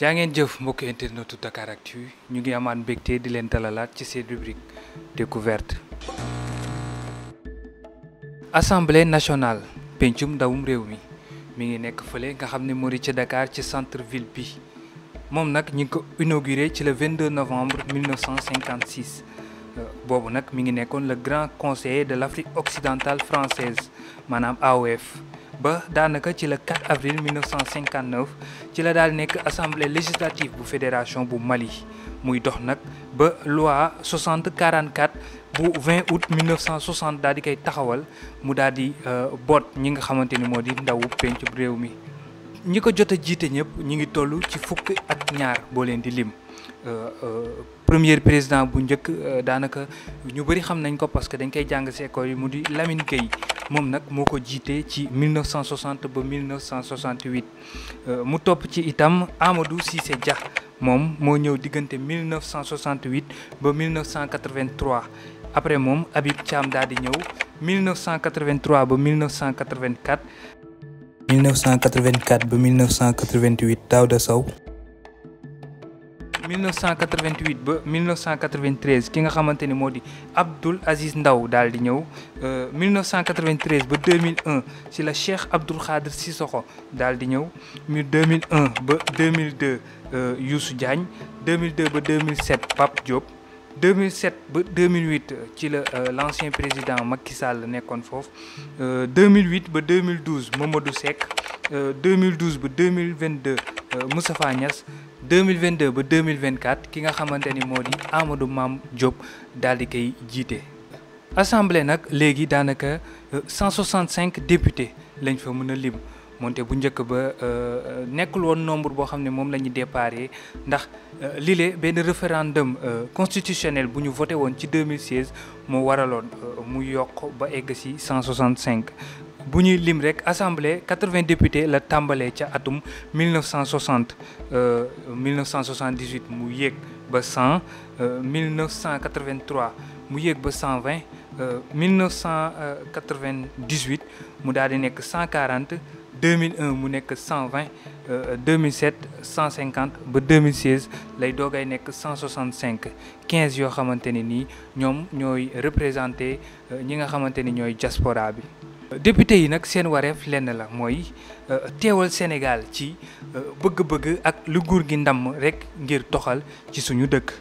jaa ngeen jëf mbokk internetu Dakaractu ñu ngi amaat mbégte di leen dalalaat ci seen rubrique découverte. assemblée nationale pencum ndawum réew mi mi ngi nekk fële nga xam Dakar ci centre ville bi Mom nak ñu ko inauguré ci le 22 novembre 1956 euh, boobu nak mi ngi le grand conseiller de l'Afrique occidentale française maanaam AOF ba daanaka ci le 4 avril 1959 ci la dal nek assemblée législative bu fédération bu Mali muy dox nak ba loi 60 44 bu 20 août 1960 dal di kay taxawal mu dal di euh, bot ñi nga xamanteni ni moo ndawu penc rew mi. ñi ko jotta jité ñep ñi ngi tollu ci fukk ak ñaar bo len di lim. Euh, euh, premier président bu njëkk euh, danaka ñu bari xam nañ ko parce que dañ Lamine 1960 1968 euh, mu top ci itam Amadou 1968 1983 après mom Habib cham 1983 1984. 1984 1988 1988 1993 ki nga Aziz Ndaw 1993 2001 c'est la Cheikh Abdul Khadr Sissoko Daldinho. 2001 2002 Youssou Diagne 2002 2007 Pape Diop 2007 2008 l'ancien président Macky Sall 2008 2012 Mamadou Seck 2012 2022 Moustapha Niass 2022 ba 2024 ki nga xamanteni modi Amadou mam Diop daldi kay jité assemblée nak légui danaka 165 députés lañ fa mëna a lim moonte bu njëkk ba euh, nekkul won nombre bo xamné mom lañu déparé ndax euh, lilé benn référendum euh, constitutionnel bu ñu voté won ci 2016 mo waraloon mu yok ba egg si 165 bu assemblée 80 députés la tambalé ci atum 1960 1978 euh, mu 100 1983 euh, mu 120 1998 euh, mu 140 2001 mu 120 2007 150 ba 2016 lay 165 15 yo à ni ñom ñoy représentés, ñi diaspora député yi nag seen wareef lenn la mooy euh, teewal Sénégal ci euh, bëgg-bëgg ak lu guur gi ndam rek ngir toxal ci suñu dëkk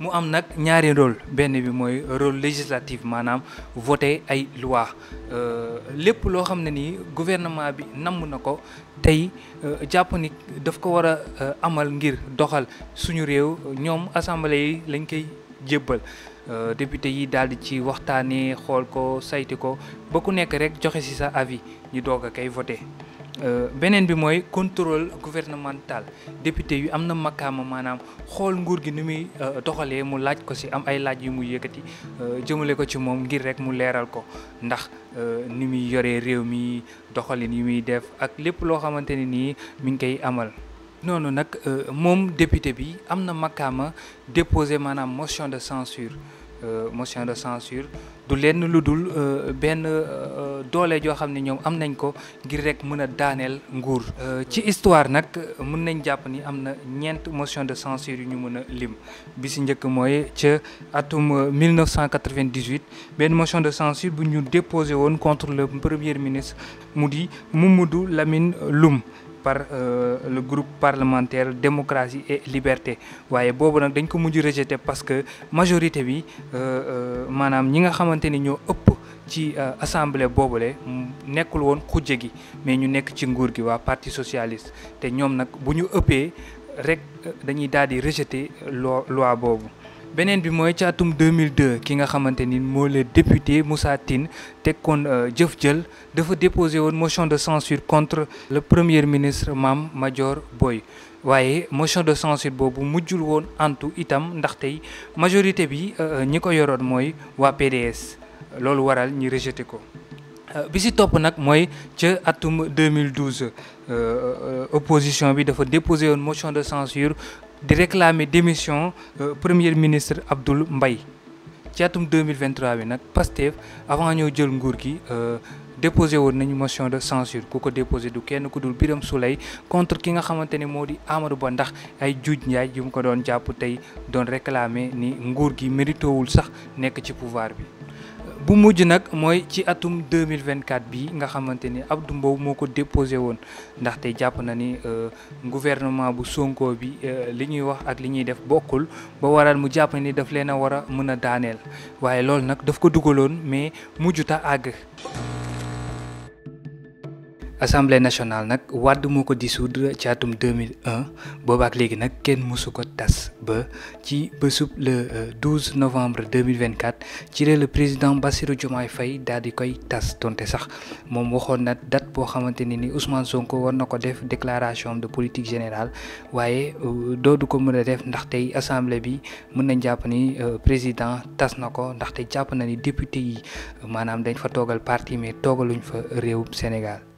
mu am nag ñaari rôle benn bi mooy rôle législatif maanaam voté ay loi euh, lépp loo xam ne ni gouvernement bi namm na ko tey jàpp ni daf ko war a amal ngir doxal suñu réew ñoom assemblée yi lañ koy jébbal euh, député yi daal di ci waxtaanee xool ko sayti ko ba ku nekk rek joxe ci sa avis ñu doog a koy voté euh, beneen bi mooy contrôle gouvernemental député yu am na makkaama maanaam xool nguur gi ni muy euh, doxalee mu laaj ko ci am ay laaj yu muy yëkkati jëmale ko ci moom ngir rek mu leeral ko ndax ni muy yoree réew mi doxalin yi muy def ak lépp loo xamante ne nii mi ngi koy amal. noonu nag euh, moom député bi amna makama déposé maanaam motion de censure euh, motion de censure du lenn lu dul euh, benn doole joo xam ne ñoom am nañ ko ngir rek mëna daanel nguur ci histoire nak mën nañ jàpp ni amna ñent motion de censure yu ñu mëna lim bi ci njëkk moy ci atum 1998 ben motion de censure bu ñu déposé won contre le premier ministre mu di Mamadou Lamine Loum par euh, le groupe parlementaire démocratie et liberté waye bobu nak dañ ko muju rejeté parce que majorité bi euh, euh, manam ñi nga xamanteni ni ñoo ëpp ci assemblée boobule nekkul won xujje gi mais ñu nekk ci nguur gi wa parti socialiste té ñom nak buñu ñu rek dañuy daal rejeter rejeté loi bobu beneen bi moy ci atum 2002 ki nga xamanteni ni le député Moussa Tine tekkoon euh, jëf jël dafa déposé won motion de censure contre le premier ministre Mam Major Boy. Voyez, motion de censure bobu mujjul won antu itam ndax tay majorité bi euh, euh, ñiko ko moy wa PDS loolu waral ñi rejeté ko Visite euh, si topp nag mooy 2012 euh, euh, opposition bi dafa déposé une motion de censure di réclamer démission premier ministre Abdoul Mbaye ci atum 2023 bi nak Pastef avant ñoo jël nguur gi déposé won nañ motion de censure ku ko déposé du kenn ku dul Birame contre ki nga xamante modi Amadou Ba ndax ay juuj ñay yum ko doon japp tay doon réclamer ni nguur gi wul sax nek ci pouvoir bi bu mujj ci atum 2024 bi nga xamanteni Abdou Mbow moko ko won ndax ni euh, gouvernement bu Sonko bi euh, li wax ak li def bokul ba mu ni daf ko assemblée nationale nak Wade moko ko dissoudre ci atum 2001 bobak legui nak ken musuko tas ba ci bésub le 12 euh, novembre 2024 ci le président Bassirou Diomaye Faye daal di koy tas donte sax mom waxoon na date bo xamanteni ni Ousmane Sonko war ko def déclaration de politique générale waaye euh, doodu ko meuna def ndax tey assemblée bi mën nañ japp ni euh, président tas nako ndax ndaxte japp na ni député yi manam dañ fa togal parti mais togaluñ fa réewum Sénégal.